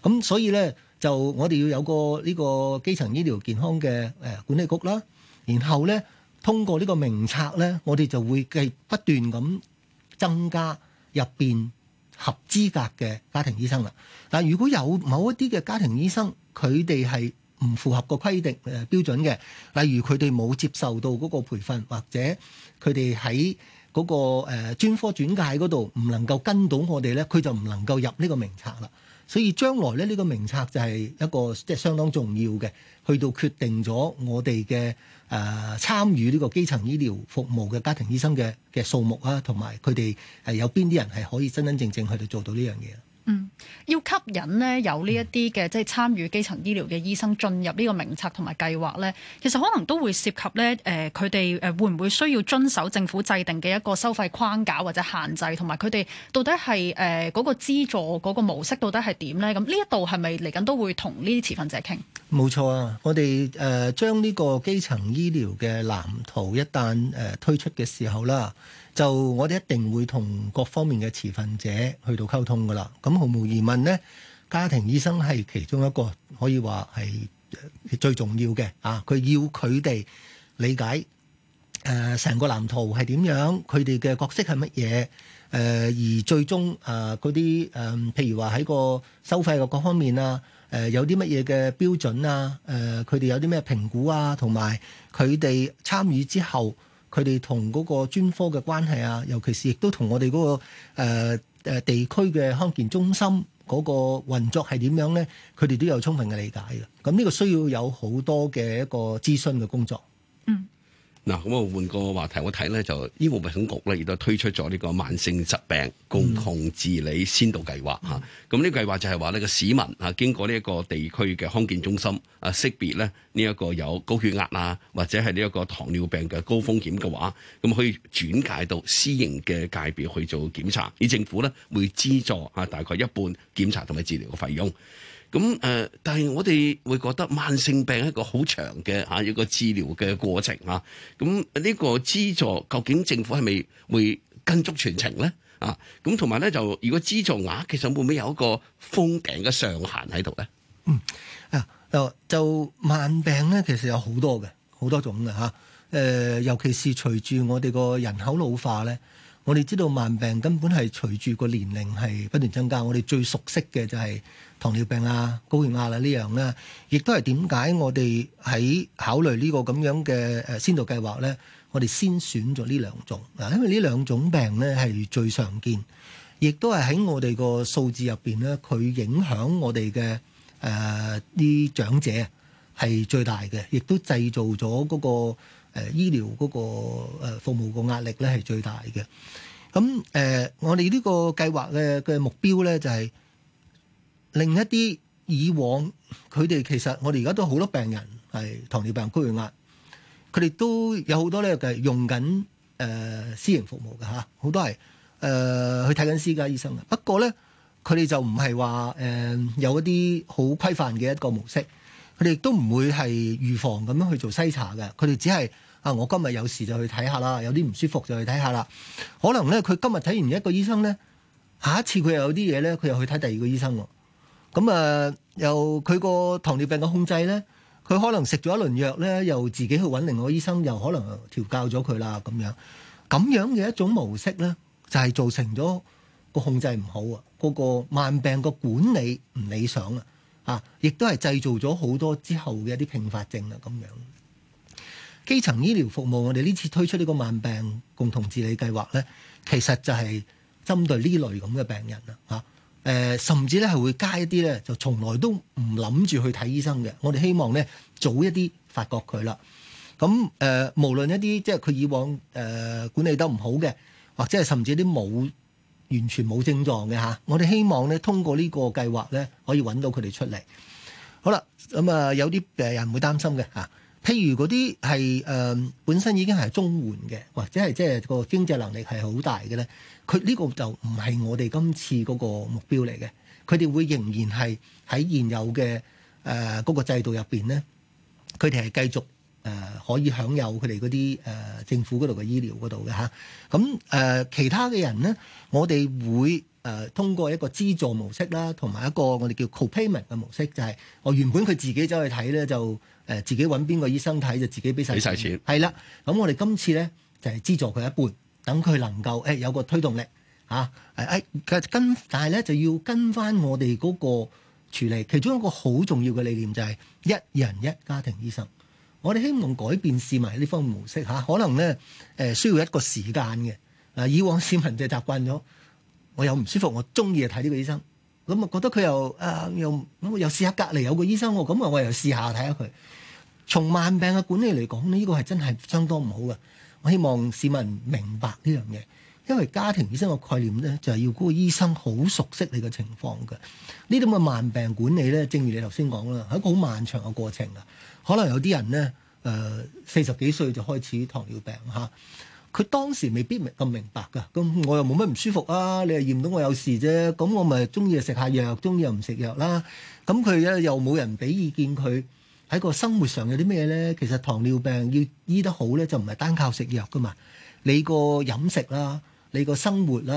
[SPEAKER 3] 咁所以呢，就我哋要有個呢個基層醫療健康嘅誒管理局啦。然後呢，通過呢個名冊呢，我哋就會繼續不斷咁。增加入邊合資格嘅家庭醫生啦。但如果有某一啲嘅家庭醫生，佢哋係唔符合個規定誒、呃、標準嘅，例如佢哋冇接受到嗰個培訓，或者佢哋喺嗰個誒、呃、專科轉介嗰度唔能夠跟到我哋咧，佢就唔能夠入呢個名冊啦。所以將來咧，呢、呢個名冊就係一個即係、即係、相當重要嘅，去到決定咗我哋嘅。誒、啊、參與呢個基層醫療服務嘅家庭醫生嘅嘅數目啊，同埋佢哋係有邊啲、啊、人係可以真真正正去到做到呢樣嘢？
[SPEAKER 1] 嗯，要吸引咧，有呢一啲嘅即係參與基層醫療嘅醫生進入呢個名冊同埋計劃咧，其實可能都會涉及咧，誒佢哋誒會唔會需要遵守政府制定嘅一個收費框架或者限制，同埋佢哋到底係誒嗰個資助嗰個模式到底係點咧？咁呢一度係咪嚟緊都會同呢啲持份者傾？
[SPEAKER 3] 冇錯啊，我哋誒將呢個基層醫療嘅藍圖一旦誒、呃、推出嘅時候啦。就我哋一定會同各方面嘅持份者去到溝通噶啦，咁毫無疑問咧，家庭醫生係其中一個可以話係最重要嘅啊！佢要佢哋理解誒成、呃、個藍圖係點樣，佢哋嘅角色係乜嘢誒，而最終誒嗰啲誒譬如話喺個收費嘅各方面啊，誒、呃、有啲乜嘢嘅標準啊，誒佢哋有啲咩評估啊，同埋佢哋參與之後。佢哋同嗰個專科嘅關係啊，尤其是亦都同我哋嗰個誒誒地區嘅康健中心嗰個運作係點樣咧？佢哋都有充分嘅理解嘅。咁呢個需要有好多嘅一個諮詢嘅工作。嗯。
[SPEAKER 2] 嗱，咁我換個話題，我睇咧就醫務衛生局咧亦都推出咗呢個慢性疾病共同治理先導計劃吓，咁呢、嗯、計劃就係話呢個市民啊經過呢一個地區嘅康健中心啊識別咧呢一個有高血壓啊或者係呢一個糖尿病嘅高風險嘅話，咁可以轉介到私營嘅界別去做檢查，而政府咧會資助啊大概一半檢查同埋治療嘅費用。咁誒、呃，但係我哋會覺得慢性病係一個好長嘅嚇、啊、一個治療嘅過程啊。咁呢個資助究竟政府係咪會跟足全程咧？啊，咁同埋咧就如果資助額、啊、其實會唔會有一個封頂嘅上限喺度咧？
[SPEAKER 3] 嗯啊，就就慢病咧，其實有好多嘅好多種嘅嚇誒，尤其是隨住我哋個人口老化咧。我哋知道慢病根本係隨住個年齡係不斷增加，我哋最熟悉嘅就係糖尿病啊、高血壓啦呢樣啦，亦都係點解我哋喺考慮呢個咁樣嘅誒先導計劃咧？我哋先選咗呢兩種啊，因為呢兩種病咧係最常見，亦都係喺我哋個數字入邊咧，佢影響我哋嘅誒啲長者係最大嘅，亦都製造咗嗰個。誒，醫療嗰個誒服務個壓力咧係最大嘅。咁誒、呃，我哋呢個計劃咧嘅目標咧就係、是，另一啲以往佢哋其實我哋而家都好多病人係糖尿病、高血壓，佢哋都有好多咧嘅用緊誒、呃、私營服務嘅吓，好多係誒、呃、去睇緊私家醫生嘅。不過咧，佢哋就唔係話誒有一啲好規範嘅一個模式。佢哋都唔會係預防咁樣去做篩查嘅，佢哋只係啊，我今日有事就去睇下啦，有啲唔舒服就去睇下啦。可能咧，佢今日睇完一個醫生咧，下一次佢又有啲嘢咧，佢又去睇第二個醫生喎。咁啊，又佢個糖尿病嘅控制咧，佢可能食咗一輪藥咧，又自己去搵另外醫生，又可能調教咗佢啦咁樣。咁樣嘅一種模式咧，就係造成咗個控制唔好啊，嗰個慢病個管理唔理想啊。啊！亦都係製造咗好多之後嘅一啲併發症啦，咁樣。基層醫療服務，我哋呢次推出呢個慢病共同治理計劃咧，其實就係針對呢類咁嘅病人啦，嚇、啊。誒、呃，甚至咧係會加一啲咧，就從來都唔諗住去睇醫生嘅。我哋希望咧，早一啲發覺佢啦。咁誒、呃，無論一啲即係佢以往誒、呃、管理得唔好嘅，或者係甚至一啲冇。完全冇症狀嘅嚇，我哋希望咧通過呢個計劃咧，可以揾到佢哋出嚟。好啦，咁啊有啲誒人會擔心嘅嚇，譬如嗰啲係誒本身已經係中緩嘅，或者係即係個經濟能力係好大嘅咧，佢呢個就唔係我哋今次嗰個目標嚟嘅，佢哋會仍然係喺現有嘅誒嗰個制度入邊咧，佢哋係繼續。誒、呃，可以享有佢哋嗰啲誒政府嗰度嘅醫療嗰度嘅吓，咁、啊、誒、呃、其他嘅人呢，我哋會誒、呃、通過一個資助模式啦，同埋一個我哋叫 copayment 嘅模式，就係、是、我原本佢自己走去睇咧，就誒、呃、自己揾邊個醫生睇就自己俾晒俾晒錢係啦。咁我哋今次咧就係、是、資助佢一半，等佢能夠誒、哎、有個推動力吓誒誒。其、啊、實、哎、跟但係咧就要跟翻我哋嗰個處理，其中一個好重要嘅理念就係、是、一人一家庭醫生。我哋希望改變市民呢方面模式吓，可能咧誒需要一個時間嘅。啊，以往市民就習慣咗，我有唔舒服，我中意就睇呢個醫生，咁啊覺得佢又、呃、又咁又試下隔離有個醫生，咁啊我又試下睇下佢。從慢病嘅管理嚟講呢，呢個係真係相當唔好嘅。我希望市民明白呢樣嘢，因為家庭醫生個概念咧就係要嗰個醫生好熟悉你嘅情況嘅。呢啲咁嘅慢病管理咧，正如你頭先講啦，係一個好漫長嘅過程啊。可能有啲人咧，誒四十幾歲就開始糖尿病嚇，佢、啊、當時未必明咁明白㗎。咁我又冇乜唔舒服啊，你又驗到我有事啫。咁我咪中意食下藥，中意又唔食藥啦。咁佢咧又冇人俾意見佢喺個生活上有啲咩咧？其實糖尿病要醫得好咧，就唔係單靠食藥㗎嘛。你個飲食啦、啊，你個生活啦、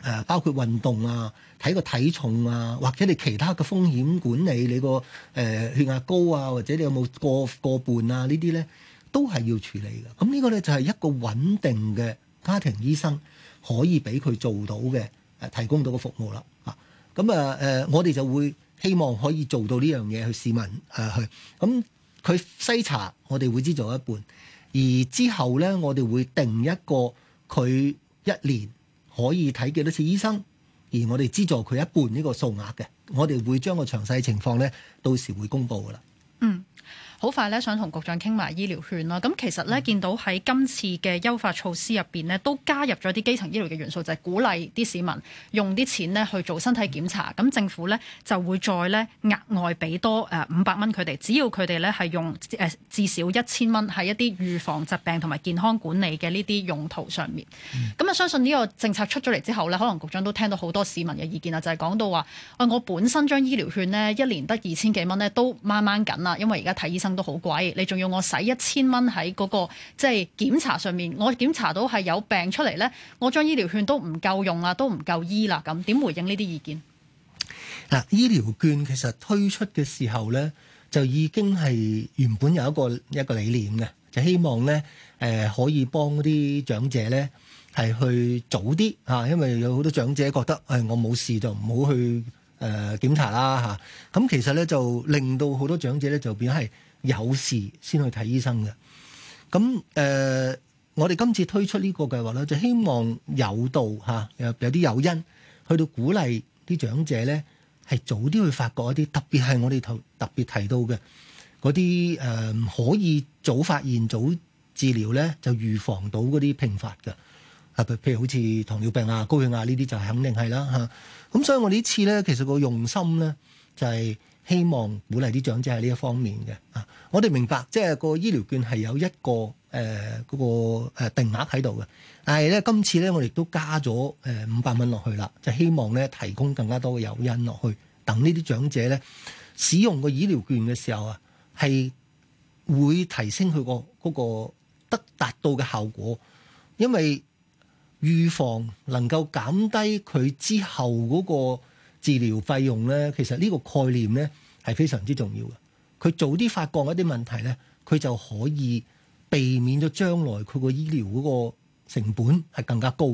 [SPEAKER 3] 啊，誒、呃、包括運動啊。睇個體重啊，或者你其他嘅風險管理，你個誒、呃、血壓高啊，或者你有冇過過半啊？這些呢啲咧都係要處理嘅。咁呢個咧就係、是、一個穩定嘅家庭醫生可以俾佢做到嘅，誒、呃、提供到個服務啦。嚇、啊，咁啊誒，我哋就會希望可以做到呢樣嘢去市民誒去。咁佢篩查我哋會資助一半，而之後咧我哋會定一個佢一年可以睇幾多次醫生。而我哋資助佢一半呢個數額嘅，我哋會將個詳細情況咧，到時會公布噶啦。
[SPEAKER 1] 好快咧，想同局長傾埋醫療券啦。咁其實咧，嗯、見到喺今次嘅優化措施入邊咧，都加入咗啲基層醫療嘅元素，就係、是、鼓勵啲市民用啲錢咧去做身體檢查。咁、嗯、政府咧就會再咧額外俾多誒五百蚊佢哋，只要佢哋咧係用誒至少1000元在一千蚊喺一啲預防疾病同埋健康管理嘅呢啲用途上面。咁啊、嗯，我相信呢個政策出咗嚟之後咧，可能局長都聽到好多市民嘅意見啊，就係、是、講到話、哎，我本身將醫療券呢，一年得二千幾蚊咧都掹掹緊啦，因為而家睇醫生都好貴，你仲要我使一千蚊喺嗰個即係檢查上面，我檢查到係有病出嚟咧，我將醫療券都唔夠用啦，都唔夠醫啦，咁，點回應呢啲意見？
[SPEAKER 3] 嗱，醫療券其實推出嘅時候咧，就已經係原本有一個一個理念嘅，就希望咧，誒可以幫啲長者咧係去早啲吓，因為有好多長者覺得誒我冇事就唔好去誒檢查啦吓，咁其實咧就令到好多長者咧就變係，有事先去睇醫生嘅，咁、呃、我哋今次推出呢個計劃咧，就希望有道、啊、有有啲誘因去到鼓勵啲長者咧，係早啲去發覺一啲，特別係我哋頭特別提到嘅嗰啲誒，可以早發現早治療咧，就預防到嗰啲病發嘅。啊，譬如好似糖尿病啊、高血壓呢啲，就肯定係啦嚇。咁、啊、所以我哋呢次咧，其實個用心咧，就係、是。希望鼓勵啲長者喺呢一方面嘅啊，我哋明白即係個醫療券係有一個誒嗰個誒定額喺度嘅，但係咧今次咧我哋都加咗誒五百蚊落去啦，就希望咧提供更加多嘅誘因落去，等呢啲長者咧使用個醫療券嘅時候啊，係會提升佢個嗰個得達到嘅效果，因為預防能夠減低佢之後嗰個治療費用咧，其實呢個概念咧。係非常之重要嘅，佢早啲發覺一啲問題呢，佢就可以避免咗將來佢個醫療嗰個成本係更加高。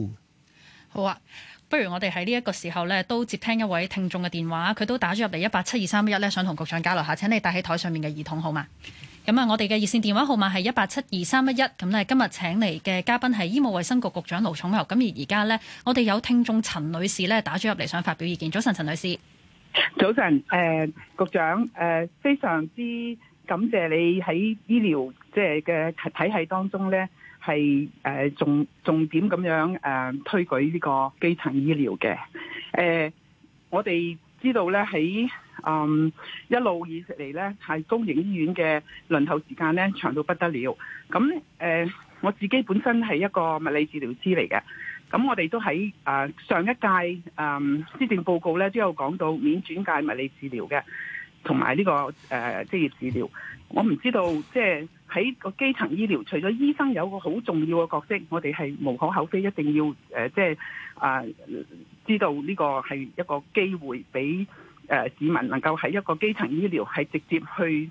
[SPEAKER 1] 好啊，不如我哋喺呢一個時候呢，都接聽一位聽眾嘅電話，佢都打咗入嚟一八七二三一一咧，想同局長交流下。請你戴喺台上面嘅耳筒好嘛？咁啊，我哋嘅熱線電話號碼係一八七二三一一。咁呢，今日請嚟嘅嘉賓係醫務衛生局局長盧寵茂。咁而而家呢，我哋有聽眾陳女士呢，打咗入嚟，想發表意見。早晨，陳女士。
[SPEAKER 4] 早晨，誒、呃，局長，誒、呃，非常之感謝你喺醫療即係嘅體系當中咧，係誒重重點咁樣誒、呃、推舉呢個基層醫療嘅。誒、呃，我哋知道咧喺嗯一路以嚟咧係公營醫院嘅輪候時間咧長到不得了。咁誒、呃，我自己本身係一個物理治療師嚟嘅。咁我哋都喺啊上一屆啊施政報告咧都有講到免轉介物理治療嘅，同埋呢個誒職、呃、業治療。我唔知道即係喺個基層醫療，除咗醫生有個好重要嘅角色，我哋係無可厚非一定要誒，即係啊知道呢個係一個機會，俾、呃、誒市民能夠喺一個基層醫療係直接去誒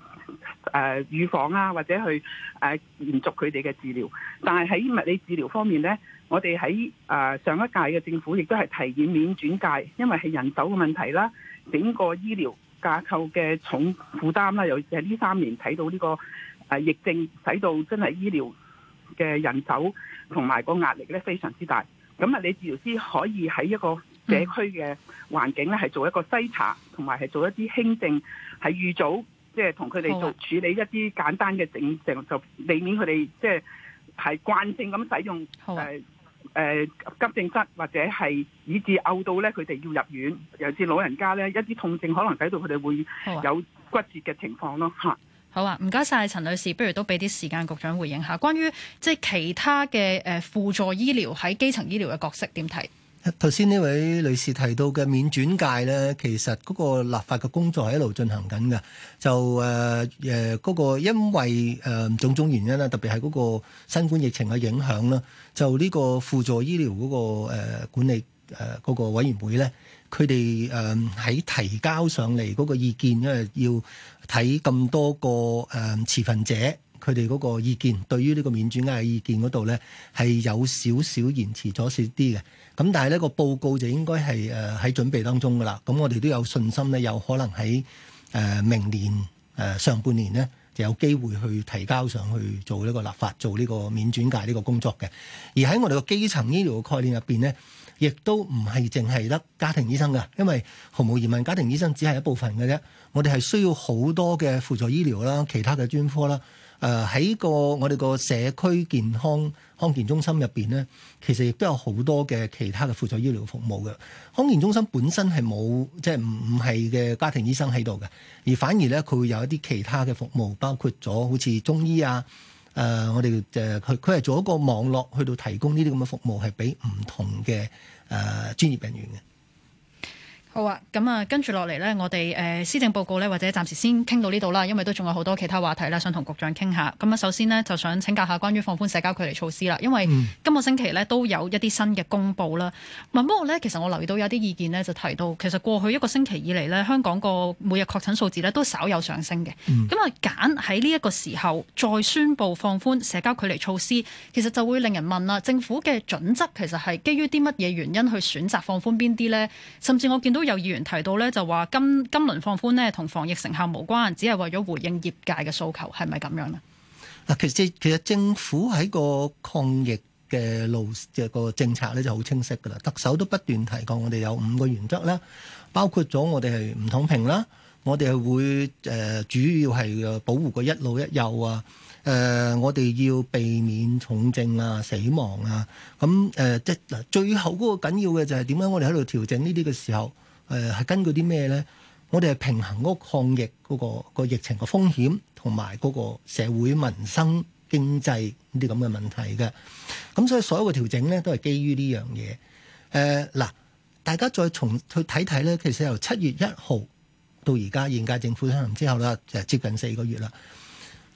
[SPEAKER 4] 預、呃、防啊，或者去誒、呃、延續佢哋嘅治療。但係喺物理治療方面咧。我哋喺啊上一屆嘅政府亦都係提議免轉介，因為係人手嘅問題啦，整個醫療架構嘅重負擔啦，尤其係呢三年睇到呢個誒疫症，使到真係醫療嘅人手同埋個壓力咧非常之大。咁啊，你治療師可以喺一個社區嘅環境咧，係做一個篩查，同埋係做一啲輕症，係預早即係同佢哋做的處理一啲簡單嘅整症，就避免佢哋即係係慣性咁使用誒。誒急症室或者係以致嘔到咧，佢哋要入院。尤其是老人家咧，一啲痛症可能睇到佢哋會有骨折
[SPEAKER 1] 嘅情況咯，嚇。好啊，唔該晒陳女士，不如都俾啲時間局長回應下，關於即係、就是、其他嘅誒、呃、輔助醫療喺基層醫療嘅角色點睇？
[SPEAKER 3] 頭先呢位女士提到嘅免轉介咧，其實嗰個立法嘅工作喺度進行緊嘅。就誒嗰個，因為誒、呃、種種原因啦，特別係嗰個新冠疫情嘅影響啦，就呢個輔助醫療嗰個、嗰個、呃、管理誒嗰個、呃嗰個委員會咧，佢哋誒喺提交上嚟嗰個意見，因為要睇咁多個誒、呃、持份者佢哋嗰個意見，對於呢個免轉介嘅意見嗰度咧，係有少少延遲咗少啲嘅。咁但係呢個報告就應該係誒喺準備當中噶啦，咁我哋都有信心咧，有可能喺誒明年誒、呃、上半年咧就有機會去提交上去做呢個立法，做呢個免轉介呢個工作嘅。而喺我哋個基層醫療嘅概念入邊咧，亦都唔係淨係得家庭醫生噶，因為毫無疑問家庭醫生只係一部分嘅啫，我哋係需要好多嘅輔助醫療啦，其他嘅專科啦。誒喺，呃、個我哋個社區健康康健中心入面咧，其實亦都有好多嘅其他嘅輔助醫療服務嘅。康健中心本身係冇，即係唔唔係嘅，家庭醫生喺度嘅，而反而咧佢會有一啲其他嘅服務，包括咗好似中醫啊，誒、呃、我哋誒佢佢係做一個網絡去到提供呢啲咁嘅服務，係俾唔同嘅誒專業人員嘅。
[SPEAKER 1] 好啊，咁啊，跟住落嚟咧，我哋、呃、施政報告咧，或者暫時先傾到呢度啦，因為都仲有好多其他話題啦，想同局長傾下。咁啊，首先呢，就想請教下關於放寬社交距離措施啦，因為今個星期咧都有一啲新嘅公佈啦。唔不過咧，其實我留意到有啲意見咧就提到，其實過去一個星期以嚟咧，香港個每日確診數字咧都稍有上升嘅。咁、嗯、啊，揀喺呢一個時候再宣布放寬社交距離措施，其實就會令人問啦、啊，政府嘅準則其實係基於啲乜嘢原因去選擇放寬邊啲咧？甚至我見到。都有議員提到咧，就話今今輪放寬呢同防疫成效無關，只係為咗回應業界嘅訴求，係咪咁樣咧？
[SPEAKER 3] 其實其實政府喺個抗疫嘅路即個政策咧就好清晰噶啦，特首都不斷提過，我哋有五個原則啦，包括咗我哋係唔躺平啦，我哋係會、呃、主要係保護個一老一幼啊，呃、我哋要避免重症啊、死亡啊，咁、嗯呃、即嗱最後嗰個緊要嘅就係點樣我哋喺度調整呢啲嘅時候。誒係、呃、根據啲咩咧？我哋係平衡嗰個抗疫嗰、嗰個嗰個疫情個風險，同埋嗰個社會民生經濟呢啲咁嘅問題嘅。咁所以所有嘅調整咧，都係基於呢樣嘢。誒、呃、嗱，大家再從去睇睇咧，其實由七月一號到而家現屆政府上任之後呢，就接近四個月啦。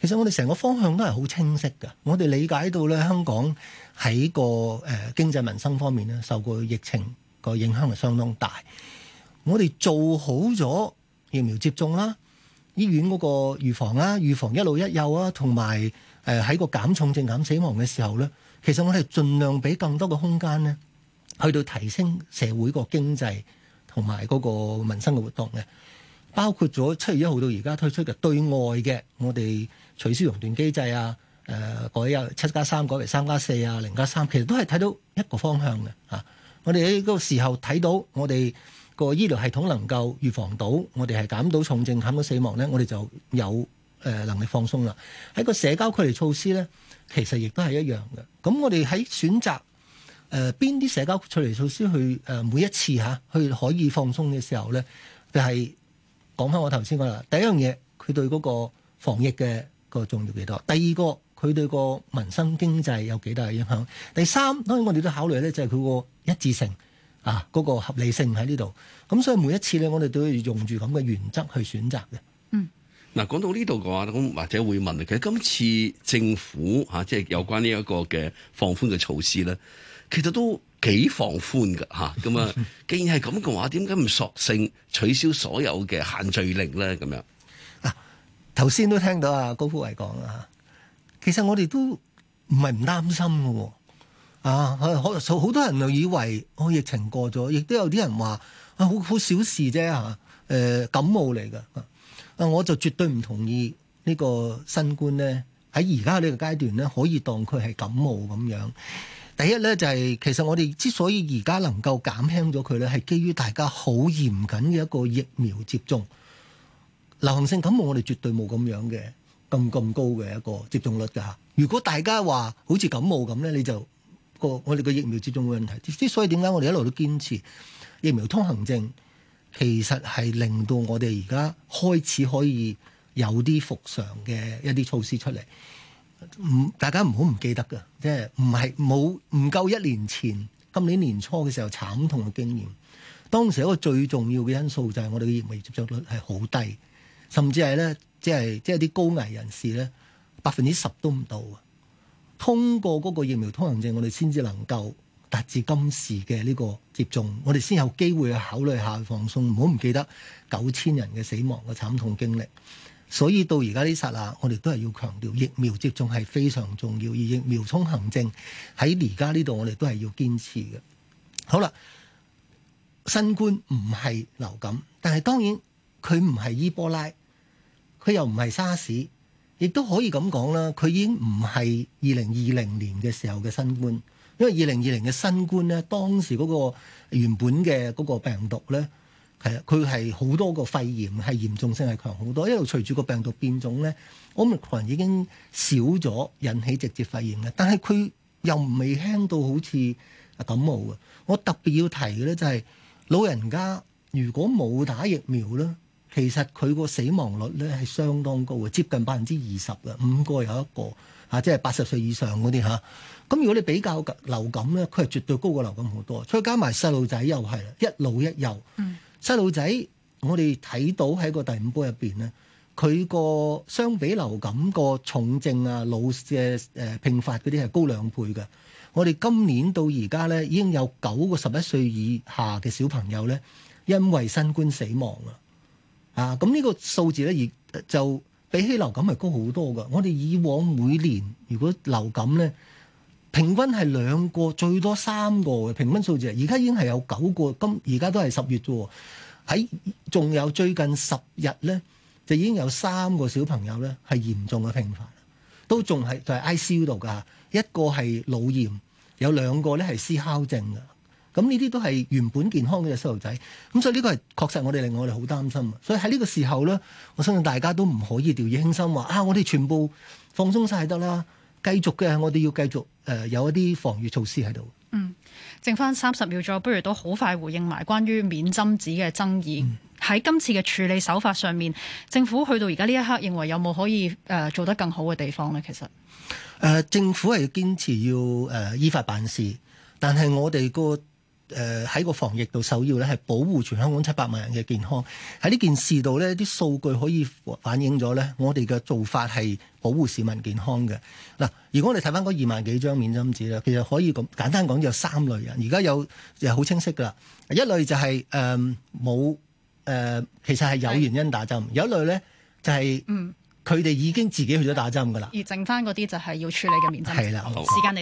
[SPEAKER 3] 其實我哋成個方向都係好清晰嘅。我哋理解到咧，香港喺個誒、呃、經濟民生方面咧，受過疫情個影響係相當大。我哋做好咗疫苗接種啦，醫院嗰個預防啦，預防一老一幼啊，同埋誒喺個減重症減死亡嘅時候咧，其實我哋盡量俾更多嘅空間咧，去到提升社會個經濟同埋嗰個民生嘅活動嘅，包括咗七月一號到而家推出嘅對外嘅我哋取消熔斷機制啊，誒、呃、改由七加三改為三加四啊，零加三，3，其實都係睇到一個方向嘅、啊、我哋喺嗰個時候睇到我哋。個醫療系統能夠預防到，我哋係減到重症、減到死亡咧，我哋就有誒能力放鬆啦。喺個社交距離措施咧，其實亦都係一樣嘅。咁我哋喺選擇誒邊啲社交距離措施去、呃、每一次下、啊、去可以放鬆嘅時候咧，就係、是、講翻我頭先講啦。第一樣嘢，佢對嗰個防疫嘅、個重要幾多？第二個，佢對個民生經濟有幾大嘅影響？第三，當然我哋都考慮咧，就係佢個一致性。啊，嗰、那個合理性喺呢度，咁所以每一次咧，我哋都要用住咁嘅原則去選擇嘅。嗯，
[SPEAKER 2] 嗱，講到呢度嘅話，咁或者會問，其實今次政府吓即係、啊就是、有關呢一個嘅放寬嘅措施咧，其實都幾放寬㗎吓。咁啊，既然係咁嘅話，點解唔索性取消所有嘅限聚令咧？咁樣嗱，
[SPEAKER 3] 頭先、啊、都聽到啊高夫偉講啊，其實我哋都唔係唔擔心㗎喎。啊！可能好多人就以為我、哦、疫情過咗，亦都有啲人話啊，好好小事啫嚇、啊呃，感冒嚟嘅、啊，我就絕對唔同意呢、呢個新冠咧，喺而家呢呢個階段咧，可以當佢係感冒咁樣。第一咧就係、係、其實我哋之所以而家能夠減輕咗佢咧，係基於大家好嚴謹嘅一個疫苗接種。流行性感冒我哋絕對冇咁樣嘅咁咁高嘅一個接種率噶、啊。如果大家話好似感冒咁咧，你就～我哋個疫苗接種嘅問題，之所以點解我哋一路都堅持疫苗通行證，其實係令到我哋而家開始可以有啲復常嘅一啲措施出嚟。唔，大家唔好唔記得噶，即係唔係冇唔夠一年前，今年年初嘅時候慘痛嘅經驗。當時一個最重要嘅因素就係我哋嘅疫苗接種率係好低，甚至係咧，即係即係啲高危人士咧，百分之十都唔到。通過嗰個疫苗通行證，我哋先至能夠達至今時嘅呢個接種，我哋先有機會去考慮一下放鬆。唔好唔記得九千人嘅死亡嘅慘痛經歷，所以到而家呢剎那，我哋都係要強調疫苗接種係非常重要，而疫苗通行證喺而家呢度，我哋都係要堅持嘅。好啦，新冠唔係流感，但係當然佢唔係伊波拉，佢又唔係沙士。亦都可以咁講啦，佢已經唔係二零二零年嘅時候嘅新冠，因為二零二零嘅新冠咧，當時嗰個原本嘅嗰個病毒咧，係佢係好多個肺炎係嚴重性係強好多，因為隨住個病毒變種咧，omicron 已經少咗引起直接肺炎嘅，但係佢又唔未輕到好似感冒啊！我特別要提嘅咧就係老人家如果冇打疫苗啦。其實佢個死亡率咧係相當高嘅，接近百分之二十嘅，五個有一個嚇，即係八十歲以上嗰啲嚇。咁如果你比較流感咧，佢係絕對高過流感好多，再加埋細路仔又係啦，一老一幼。細路仔我哋睇到喺個第五波入面咧，佢個相比流感個重症啊、老嘅誒併發嗰啲係高兩倍嘅。我哋今年到而家咧，已經有九個十一歲以下嘅小朋友咧，因為新冠死亡啊。啊！咁呢個數字咧，亦就比起流感係高好多噶。我哋以往每年如果流感咧，平均係兩個最多三個嘅平均數字，而家已經係有九個。今而家都係十月啫，喺仲有最近十日咧，就已經有三個小朋友咧係嚴重嘅病發都仲係就係 ICU 度噶。一個係腦炎，有兩個咧係思考症嘅。咁呢啲都係原本健康嘅細路仔，咁所以呢個係確實我哋令我哋好擔心。所以喺呢個時候咧，我相信大家都唔可以掉以輕心話啊！我哋全部放鬆晒得啦，繼續嘅我哋要繼續、呃、有一啲防禦措施喺度。嗯，
[SPEAKER 1] 剩翻三十秒左右，不如都好快回應埋關於免針紙嘅爭議喺、嗯、今次嘅處理手法上面，政府去到而家呢一刻，認為有冇可以、呃、做得更好嘅地方咧？其實、
[SPEAKER 3] 呃、政府係堅持要、呃、依法辦事，但係我哋個誒喺個防疫度，首要咧係保護全香港七百萬人嘅健康。喺呢件事度，呢啲數據可以反映咗咧，我哋嘅做法係保護市民健康嘅。嗱，如果我哋睇翻嗰二萬幾張免針紙咧，其實可以咁簡單講，有三類人。而家有就好清晰噶啦。一類就係誒冇誒，其實係有原因打針。的有一類咧就係、係，嗯，佢哋已經自己去咗打針噶啦。
[SPEAKER 1] 而剩翻嗰啲就係要處理嘅免針。係啦的，好。時間你